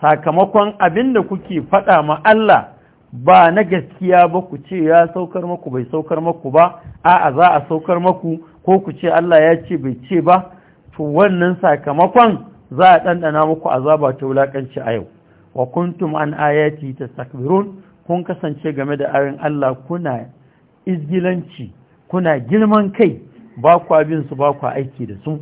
sakamakon abin da kuke faɗa ma Allah ba na gaskiya ba ku ce ya saukar maku bai saukar maku ba a'a za a saukar maku ko ku ce Allah ya ce bai ce ba to wannan sakamakon za a ɗanɗana muku azaba ta wulaƙanci a yau wa kuntum an ayati tastakbirun kun kasance game da ayoyin Allah kuna izgilanci kuna girman kai ba kwa bin su ba kwa aiki da su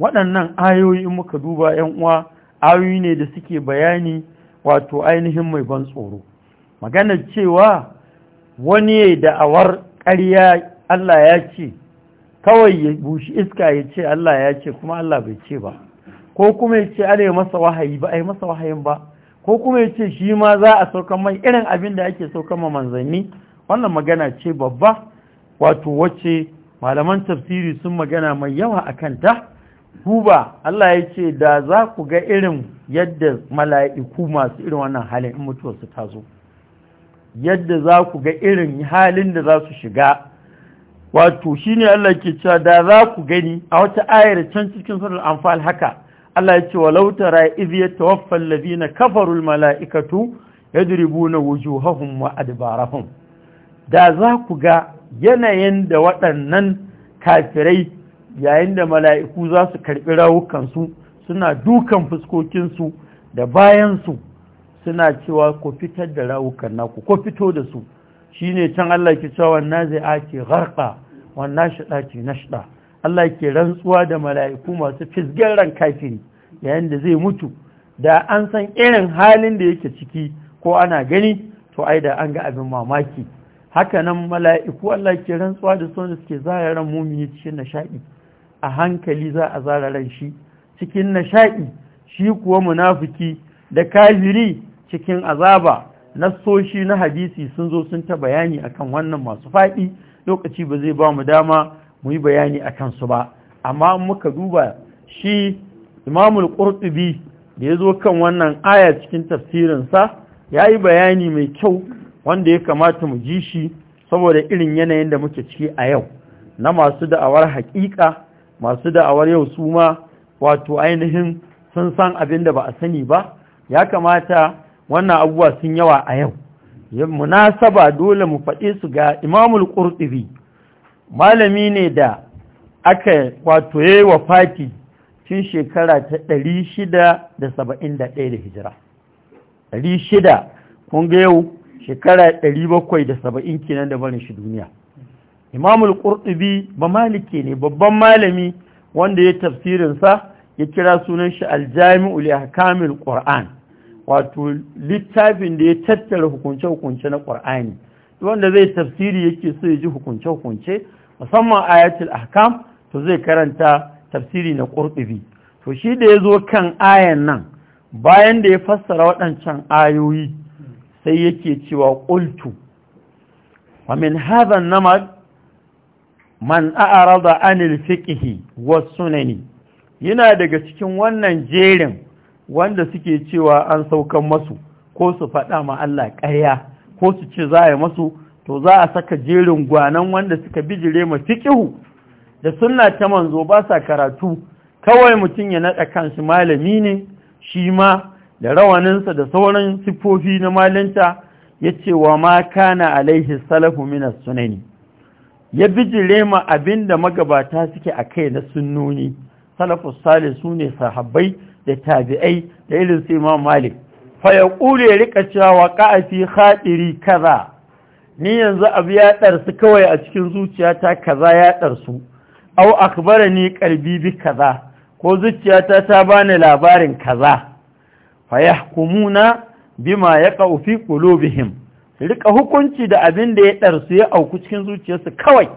waɗannan ayoyi in muka duba 'yan uwa ayoyi ne da suke bayani wato ainihin mai ban tsoro maganar cewa wani ya da'awar ƙarya Allah ya ce kawai ya bushi iska ya ce Allah ya ce kuma Allah bai ce ba ko kuma ya ce ana masa wahayi ba a yi masa wahayin ba ko kuma ya ce shi ma za a saukan mai irin abin da ake sauka ma manzanni wannan magana ce babba wato wace malaman tafsiri sun magana mai yawa a kanta duba Allah ya ce da za ku ga irin yadda mala'iku masu irin wannan halin in mutuwarsu ta zo yadda za ku ga irin halin da za su shiga wato shi ne Allah ke cewa da za ku gani a wata ayar can cikin sunan amfal haka Allah ya ce wa lautara izi ya tawaffan na kafarul mala'ikatu ya diribu na wujuhahun wa adbarahun da za ku ga yanayin da waɗannan kafirai yayin da mala'iku za su karɓi rawukansu suna dukan fuskokinsu da bayansu suna cewa ku fitar da rawukan naku ko fito da su shi ne can Allah ke cewa wannan zai ake harka wannan shaɗa ce nashaɗa Allah ke rantsuwa da mala'iku masu fisgen ran kafiri yayin da zai mutu da an san irin halin da yake ciki ko ana gani to ai da an ga abin mamaki haka nan mala'iku Allah ke rantsuwa da sun suke zahiran mumini cikin nishaɗi a hankali za a zara ran shi cikin nasha'i shi kuwa munafiki da kafiri cikin azaba nassoshi na hadisi sun zo sun ta bayani akan wannan masu faɗi lokaci ba zai ba mu dama mu yi bayani a kansu ba amma muka duba shi imamul qurtubi da ya zo kan wannan aya cikin tafsirinsa ya yi bayani mai kyau wanda ya kamata mu ji shi saboda irin yanayin da muke ciki a yau na masu da'awar haƙiƙa masu da'awar yau su ma wato ainihin sun san abin da ba a sani ba ya kamata wannan abubuwa sun yawa a yau munasaba dole mu faɗi su ga imamul ƙurɗiri malami ne da aka wato ya yi wa fati tun shekara ta 671 da hijira 600 kun ga yau shekara 770 kenan da barin shi duniya imamul qurtubi ba maliki ne babban malami wanda ya tafsirin sa ya kira sunan shi aljami'u li ahkamil qur'an wato littafin da ya tattara hukunce hukunce na qur'ani wanda zai tafsiri yake so ya ji hukunce hukunce musamman ayatul ahkam to zai karanta tafsiri na qurtubi to shi da ya zo kan ayan nan bayan da ya fassara waɗancan ayoyi sai yake cewa ƙultu wa min namad man a'arada anil fiqhi was sunani yana daga cikin wannan jerin wanda suke cewa an saukan masu ko su faɗa ma Allah ƙarya ko su ce za a masu to za a saka jerin gwanan wanda suka bijire ma fiqhu da sunna ta manzo ba sa karatu kawai mutum ya naɗa kansu malami ne shi ma da rawaninsa da sauran siffofi na malinta ya ce wa ma kana alaihi salafu minas sunani ya bijire ma abin da magabata suke a kai na sunnoni salafus sale su ne sahabbai da tabi'ai da irin su imam malik fa ya ƙure ya rika cewa a fi khatiri kaza ni yanzu abu ya ɗarsu kawai a cikin zuciyata kaza ya ɗarsu au akbara ni kalbi bi kaza ko zuciyata ta bani labarin kaza fa yahkumuna bima ya fi qulubihim rika hukunci da abin da ya ɗarsu ya auku cikin zuciyarsu kawai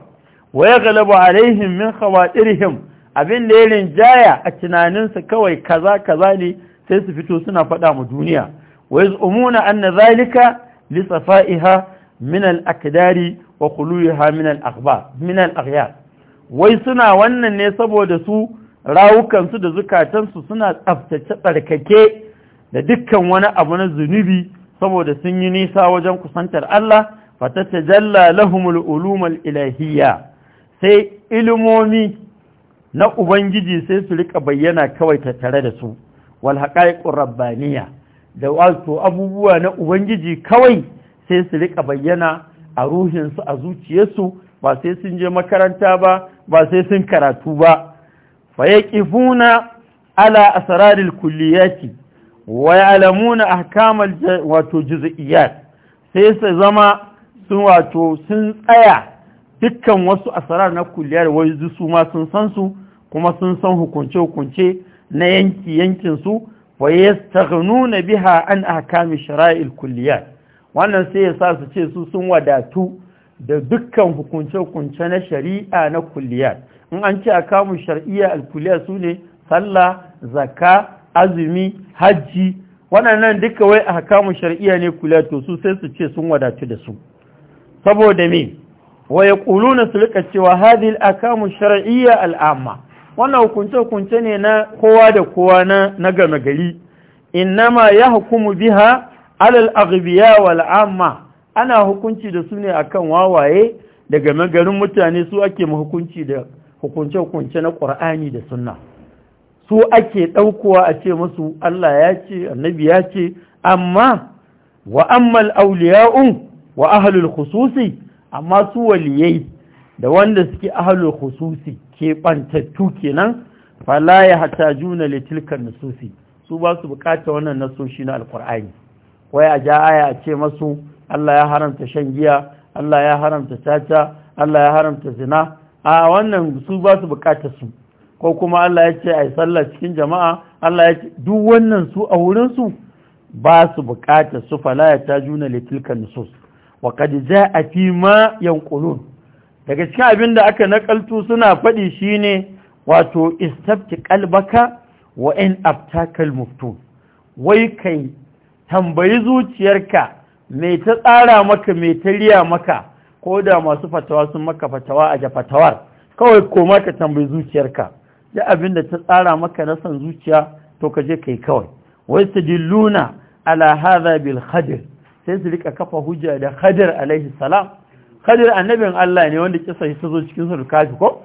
wa ya galaba alaihim min khawatirihim abin da ya rinjaya a tunaninsu kawai kaza kaza ne sai su fito suna faɗa mu duniya wa an na zalika li safaiha min akdari wa khuluha min al min wai suna wannan ne saboda su rawukansu da zukatansu suna tsaftace tsarkake da dukkan wani abu na zunubi saboda sun yi nisa wajen kusantar Allah fatata jalla lahumul ulumul ilahiyya sai ilimomi na ubangiji sai su rika bayyana kawai tattare da su wal haqaiqur rabbaniya da wato abubuwa na ubangiji kawai sai su rika bayyana a ruhinsu a zuciyarsu ba sai sun je makaranta ba ba sai sun karatu ba fa yaqifuna ala asraril kulliyati wa ya'lamuna ahkamal wato juz'iyat sai su zama sun wato sun tsaya dukkan wasu asrar na kuliyar wai su ma sun san su kuma sun san hukunce hukunce na yanki yankin su wa yastaghnuna biha an ahkami shara'il kulliyat wannan sai ya sa su ce su sun wadatu da dukkan hukunce-hukunce na shari'a na kuliyar. in an ce a kamun shari'a alkuliyar su ne sallah zakka azumi hajji waɗannan duka wai ahkamu shar'iyya ne kula to su sai su ce sun wadatu da su saboda me waya kuluna su rika cewa hadi al-ahkamu shar'iyya al wannan hukunce hukunce ne na kowa da kowa na na game gari innama yahkumu biha alal aghbiya wal amma ana hukunci da su ne akan wawaye daga magarin mutane su ake hukunci da hukunce-hukunce na ƙur'ani da sunna su ake ɗaukowa a ce masu Allah ya ce annabi ya ce amma wa ammal auliya'un wa ahlul khususi amma su waliyai da wanda suke ahlul khususi ke bantattu kenan fala ya hata juna litilkan nususi su ba su bukata wannan nasoshi na alqur'ani waya a ja aya a ce masu Allah ya haramta shan giya Allah ya haramta tata Allah ya haramta zina a wannan su ba su bukata su ko kuma Allah ya ce a yi sallah cikin jama'a Allah ya ce duk wannan su a wurinsu ba su bukatar su falaya ta juna litilkan nusus wa kad za'a fi ma yanqulun daga cikin abin da aka nakaltu suna faɗi shine wato istafti qalbaka wa in aftakal muftun wai kai tambayi zuciyarka me ta tsara maka me ta riya maka ko da masu fatawa sun maka fatawa a fatawar kawai koma ka tambayi zuciyarka da abin da ta tsara maka na san zuciya to ka je kai kawai wai su ala hadha bil khadir sai su rika kafa hujja da khadir alaihi salam khadir annabin Allah ne wanda kisa shi zo cikin sura kafi ko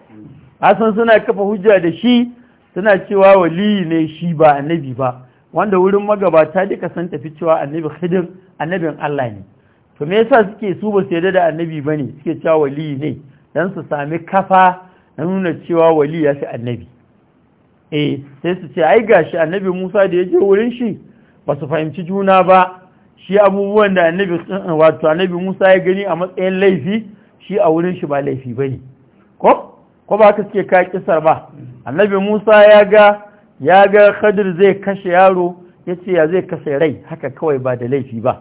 san suna kafa hujja da shi suna cewa wali ne shi ba annabi ba wanda wurin magabata duka san tafi cewa annabi khadir annabin Allah ne to me yasa suke su ba su yarda da annabi bane suke cewa wali ne dan su sami kafa na nuna cewa wali ya fi annabi eh sai su ce ai gashi annabi Musa da yaje wurin shi ba su fahimci juna ba shi abubuwan da annabi eh, wato annabi Musa ya gani a matsayin laifi shi a wurin shi ba laifi bane ko ko ba ka suke ka kisar ba annabi Musa ya ga ya ga Khadir zai kashe yaro yace ya zai kashe rai haka kawai ba da laifi ba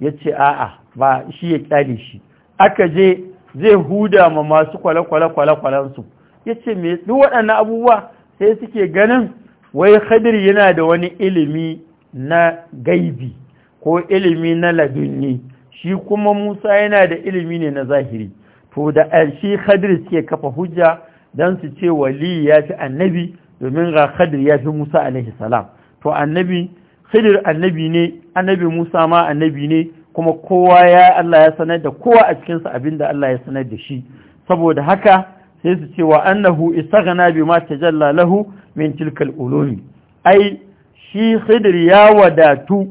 yace a'a ba shi ya kyale shi aka je zai huda ma masu kwale-kwale-kwalensu ya ce me duk waɗannan abubuwa sai suke ganin wai khadir yana da wani ilimi na gaibi ko ilimi na ladunni shi kuma musa yana da ilimi ne na zahiri to da shi khadir suke kafa hujja don su ce wali ya fi annabi domin ga khadir ya fi musa alaihi salam to annabi khadir annabi ne annabi musa ma annabi ne kuma kowa ya Allah ya sanar da kowa a cikinsa abinda Allah ya sanar da shi saboda haka sai su ce wa annahu istaghna bima tajalla lahu min tilkal ulumi ai shi khidr ya wadatu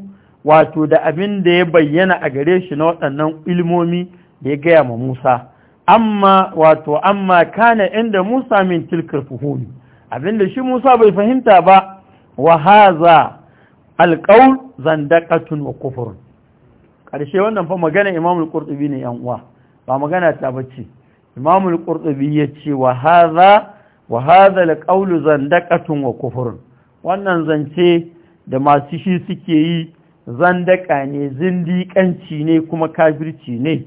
wato da abin da ya bayyana a gare shi na waɗannan ilmomi da ya gaya ma Musa amma wato amma kana inda Musa min tilkal fuhumi abinda shi Musa bai fahimta ba wa haza alqaul zandaqatun wa kufrun karshe wannan fa magana Imam al-Qurtubi ne yan uwa ba magana ta bace imam al-qurtubi yace wa hadha wa hadha la qawlu zandaqatun wa kufrun wannan zance da masu shi suke yi zandaka ne zindikanci ne kuma kafirci ne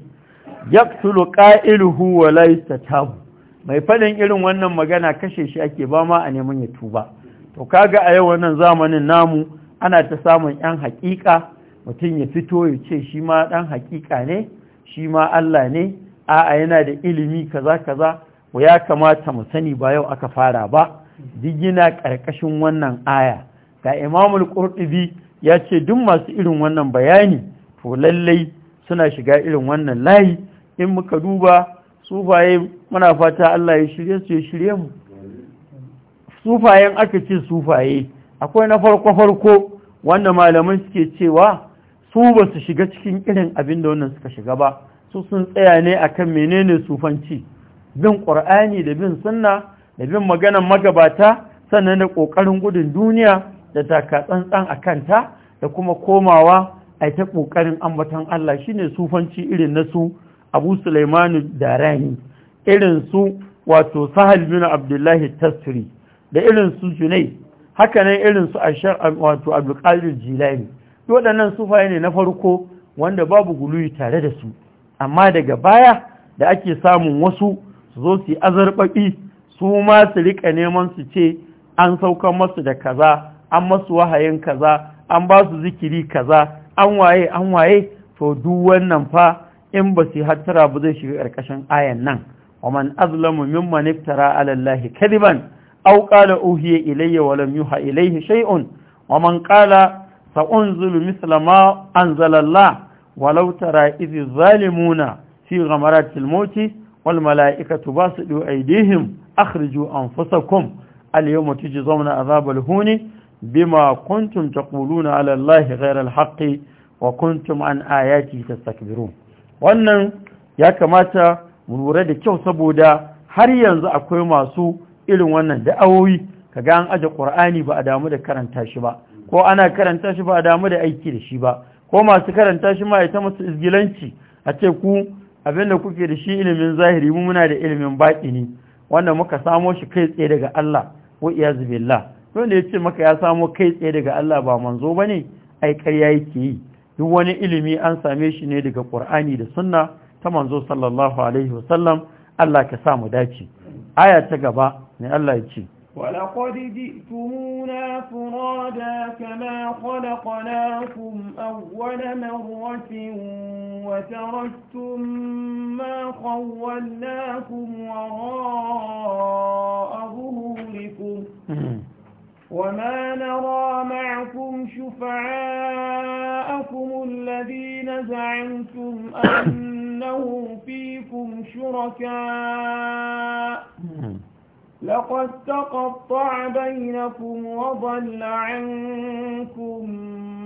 yaqtulu qa'iluhu wa laysa tab mai fadin irin wannan magana kashe shi ake ba ma a neman ya tuba to kaga a yau wannan zamanin namu ana ta samun yan haƙiƙa mutum ya fito ya ce shi ma ɗan haƙiƙa ne shi ma Allah ne a'a yana da ilimi kaza kaza Wa ya kamata mu sani ba yau aka fara ba Digina yana ƙarƙashin wannan aya ga imamul qurtubi ya ce duk masu irin wannan bayani to lallai suna shiga irin wannan layi in muka duba sufaye muna fata Allah ya shirye su ya shirye mu sufayen aka ce sufaye akwai na farko-farko wanda malaman suke cewa su ba su shiga cikin irin abin da wannan suka shiga ba su sun tsaya ne akan menene sufanci bin ƙur'ani da bin sunna da bin maganan magabata sannan da ƙoƙarin gudun duniya da taka tsantsan a kanta da kuma komawa a ta ƙoƙarin ambatan Allah ne sufanci irin na su abu sulaimanu darani irin su wato sahal bin abdullahi tasiri da irin su junai hakanan irin su ashar wato abdulkadir jilani waɗannan sufaye ne na farko wanda babu guluyi tare da su amma daga baya da ake samun wasu su zo su yi azarbaɓi su ma su riƙa neman su ce an saukan masu da kaza an masu wahayin kaza an ba su zikiri kaza an waye an waye to duk wannan fa in ba su hattara ba zai shiga ƙarƙashin ayan nan waman azlamu mimman iftara ala allahi kadiban aw qala uhiya ilayya wa lam yuha ilayhi shay'un waman qala sa unzilu misla ma anzala walau tara idh zalimuna fi ghamaratil maut wal malaikatu basidu aydihim akhriju anfusakum al yawma tujzauna azabal huni bima kuntum taquluna ala allahi ghayra al haqqi wa kuntum an ayati tastakbirun wannan ya kamata mu lura da kyau saboda har yanzu akwai masu irin wannan da'awoyi kaga an aje qur'ani ba a damu da karanta shi ba ko ana karanta shi ba a damu da aiki da shi ba ko masu karanta shi ma ita masu izgilanci a ce ku abinda kuke da shi ilimin zahiri mu muna da ilimin ne, wanda muka samo shi kai tsaye daga Allah wa iyazu billah wanda ya ce maka ya samo kai tsaye daga Allah ba manzo bane ai ƙarya yake yi duk wani ilimi an same shi ne daga Qur'ani da Sunna ta manzo sallallahu alaihi wasallam Allah ka sa mu dace aya ta gaba ne Allah ya ce ولقد جئتمونا فرادا كما خلقناكم أول مرة وتركتم ما خولناكم وراء ظهوركم وما نرى معكم شفعاءكم الذين زعمتم أنهم فيكم شركاء لقد تقطع بينكم وضل عنكم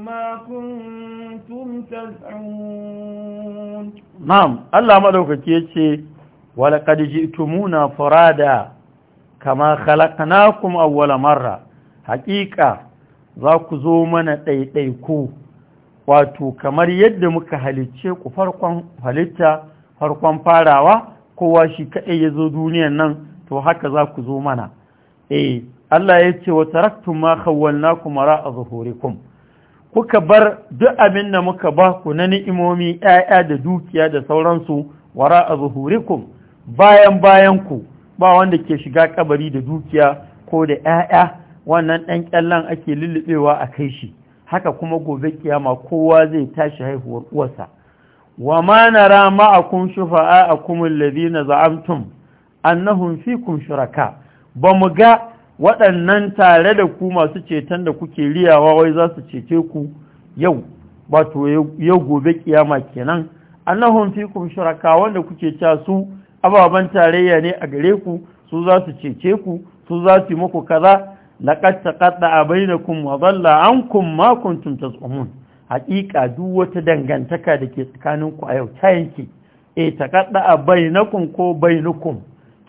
ما كنتم تزعمون نعم الله مدوكتي يتي ولقد جئتمونا فرادا كما خلقناكم أول مرة حقيقة ذاك زومنا تيتيكو wato kamar yadda muka halicce ku farkon halitta farkon farawa kowa shi kaɗai ya to haka za ku zo mana eh Allah ya ce wa taraktu ma khawwalnakum ra'a zuhurikum kuka bar duk abin da muka ba ku na ni'imomi yaya da dukiya da sauransu wara'a zuhurikum bayan bayan ku ba wanda ke shiga kabari da dukiya ko da 'ya'ya wannan dan kyallan ake lullubewa a kai shi haka kuma gobe kiyama kowa zai tashi haihuwar uwarsa wa ma nara ma'akum shufa'a'akum alladhina za'amtum annahum fikum shuraka ba mu ga waɗannan tare da ku masu ceton da kuke riyawa wai za su cece ku yau to yau gobe kiyama kenan annahum fikum shuraka wanda kuke ta su ababen tarayya ne a gare ku su za su cece ku su za su yi muku kaza laqad taqatta bainakum wa dhalla ankum ma kuntum tazumun haƙiƙa duk wata dangantaka da ke tsakaninku a yau ta yanke e eh, taqatta bainakum ko bainakum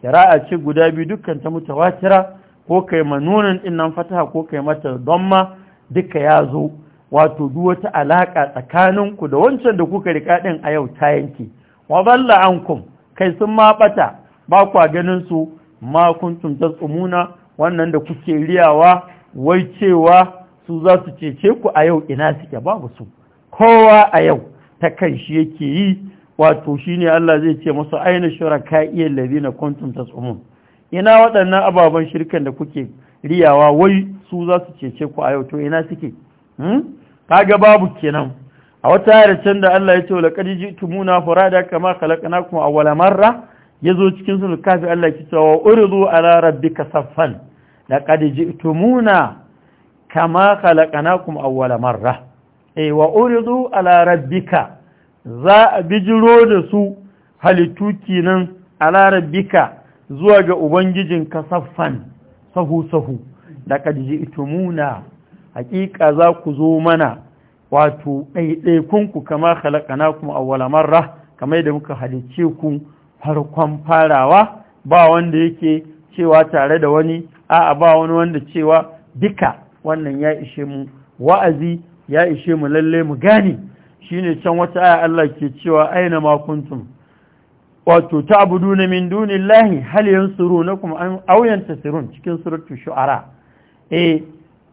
kira'a ce guda biyu dukkan ta mutawatira ko kai manunan din nan fataha ko kai mata damma duka ya zo wato duk wata alaka tsakanin ku da wancan da kuka rika din a yau ta yanke wa balla ankum kai sun ma bata ba kwa ganin su ma kuntum tasumuna wannan da kuke riyawa wai cewa su za su cece ku a yau ina suke babu su kowa a yau ta kan shi yake yi wato shine Allah zai ce masu aina shuraka iya kwantum ta tsumun ina waɗannan ababen shirkan da kuke riyawa wai su za su cece ku a yau to ina suke hmm? kaga babu kenan a wata yare can da Allah ya ce laqad jitumuna furada kama khalaqnakum awwala marra yazo cikin sun kafi Allah ki cewa urdu ala rabbika saffan laqad jitumuna kama khalaqnakum awwala marra eh wa urdu ala rabbika za a bijiro da su halittu kenan a larabika zuwa ga ubangijin kasaffan sahu-sahu da kadiji itumuna hakika za ku zo mana wato ɗaiɗaikunku kama halakana kuma a walamarra? kamar da muka halicce ku farkon farawa ba wanda yake cewa tare da wani a'a ba wani wanda cewa duka wannan ya ishe mu wa'azi ya ishe mu lalle mu gane shine can wata aya Allah ke cewa aina ma kuntum wato ta'buduna min dunillahi hal yansurunakum aw yantasirun cikin suratu shu'ara eh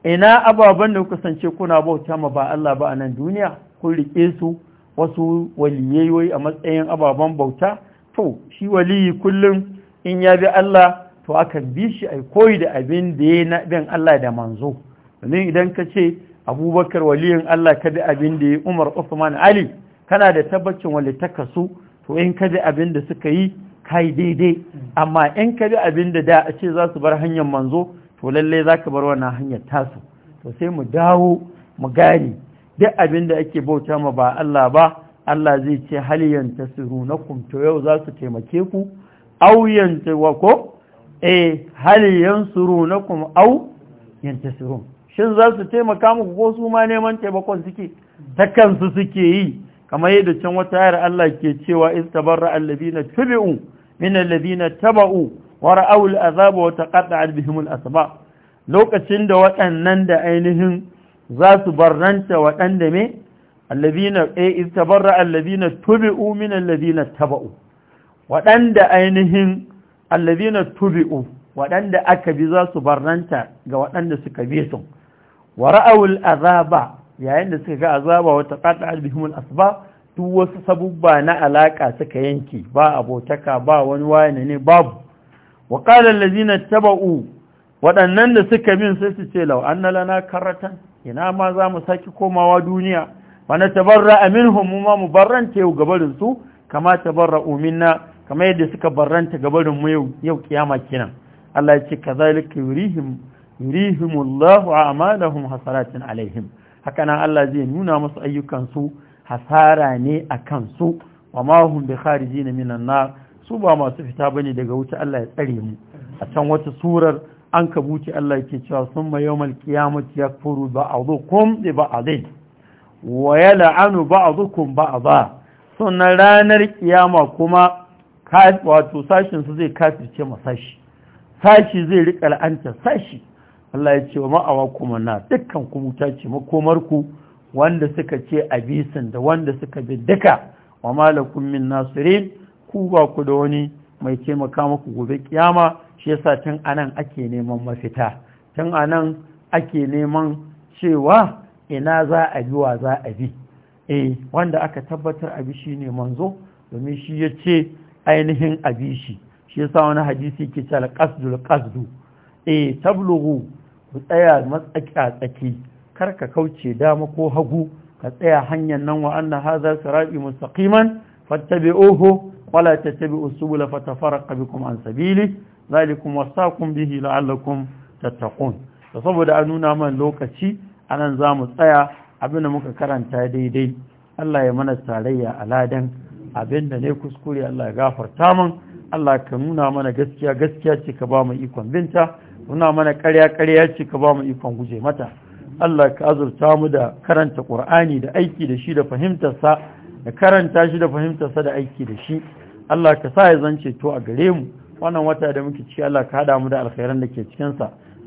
ina ababen da kusance kuna bauta ma ba Allah ba a nan duniya kun rike su wasu waliyoyi a matsayin ababen bauta to shi waliyi kullum in ya bi Allah to akan bi shi ai koyi da abin da ya na bin Allah da manzo domin idan ka ce abubakar waliyin Allah kada abin da ya umar Usman Ali kana da tabbacin wali takasu to in kada abin da suka yi kai daidai amma in kada abin da da a ce za su bar hanyar manzo to lallai za ka bar wannan hanyar tasu to sai mu dawo mu gane duk abin da ake bauta ma ba Allah ba Allah zai ce haliyan tasirunakum to yau za su taimake ku au yanzu wa eh haliyan surunakum au yantasirun shin za su taimaka muku ko su ma neman taimakon suke ta kansu suke yi kamar yadda can wata yar Allah ke cewa in tabarra alladhina tubi'u min alladhina taba'u wa ra'aw al'azaba wa taqatta'at bihim al'asbab lokacin da waɗannan da ainihin za su barranta waɗanda me alladhina eh, iz tabarra alladhina tubi'u min alladhina taba'u waɗanda ainihin alladhina tubi'u waɗanda aka bi za su barranta ga waɗanda suka bi su wa ra'awul azaba yayin da suka ga azaba wata qata'at bihimul asba duk wasu sabubba na alaka suka yanke ba abotaka ba wani wani ne babu wa qala allazina taba'u waɗannan da suka bin sai su ce law anna lana karatan ina ma za mu saki komawa duniya wa natabarra minhum ma mubarrante yau gabarin su kama tabarra'u minna kama yadda suka barranta gabarin mu yau yau kiyama kenan Allah ya ce kazalika yurihim yurihimullahu a'malahum hasaratin alaihim haka nan Allah zai nuna musu ayyukansu hasara ne a kansu wa ma hum bi kharijin minan nar su ba masu fita bane daga wuta Allah ya tsare mu a can wata surar an kabuci Allah yake cewa summa yawmal qiyamati yakfuru ba'dukum bi ba'din wa yal'anu ba'dukum ba'dha sannan ranar kiyama kuma wato sashin su zai kafirce masashi sashi zai rika la'anta sashi Allah ya ce wa ma'awa kuma na dukkan ku wuta ce makomarku wanda suka ce a bisan da wanda suka bi duka wa malakun min nasirin ku ba ku da wani mai taimaka muku gobe kiyama shi yasa tun anan ake neman mafita tun anan ake neman cewa ina za a bi wa za a bi eh wanda aka tabbatar a shi shine manzo domin shi ya ce ainihin bi shi shi yasa wani hadisi ke cewa qasdul qasdu eh tablughu ku tsaya matsaki a tsaki kar ka kauce dama ko hagu ka tsaya hanyar nan wa anna hadha sirati mustaqiman fattabi'uhu wala tattabi'us subula fatafarqa bikum an sabili zalikum wasaqum bihi la'allakum tattaqun to saboda an nuna man lokaci anan zamu tsaya abinda muka karanta daidai Allah ya mana tarayya a ladan abinda ne kuskure Allah ya gafarta mun Allah ka nuna mana gaskiya gaskiya ce ka ba mu ikon binta muna mana karya karya ce ka ba mu ikon guje mata Allah ka azurta mu da karanta Qur'ani da aiki da shi da fahimtarsa da karanta shi da fahimtarsa da aiki da shi Allah ka sa ya zance to a gare mu wannan wata da muke ci Allah ka hada mu da alkhairan da ke cikin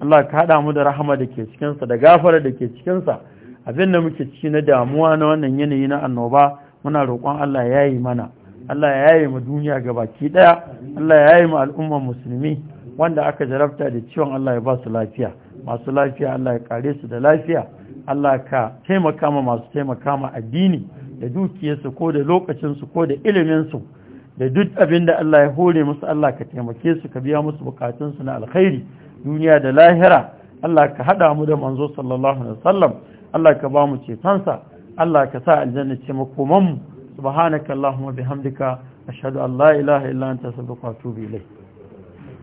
Allah ka hada mu da rahama da ke cikin da gafara da ke cikin sa abin da muke ci na damuwa na wannan yanayi na annoba muna roƙon Allah ya yi mana Allah ya yi mu duniya gabaki ɗaya Allah ya yi mu al'ummar musulmi wanda aka jarabta da ciwon Allah ya ba su lafiya masu lafiya Allah ya kare su da lafiya Allah ka taimaka ma masu taimaka ma addini da dukiyarsu ko da lokacinsu ko da iliminsu da duk abin da Allah ya hore musu Allah ka taimake su ka biya musu bukatunsu na alkhairi duniya da lahira Allah ka hada mu da manzo sallallahu alaihi wasallam Allah ka ba mu cetonsa Allah ka sa aljanna ce makomanmu subhanakallahumma bihamdika ashhadu an la ilaha illa anta astaghfiruka wa atubu ilayk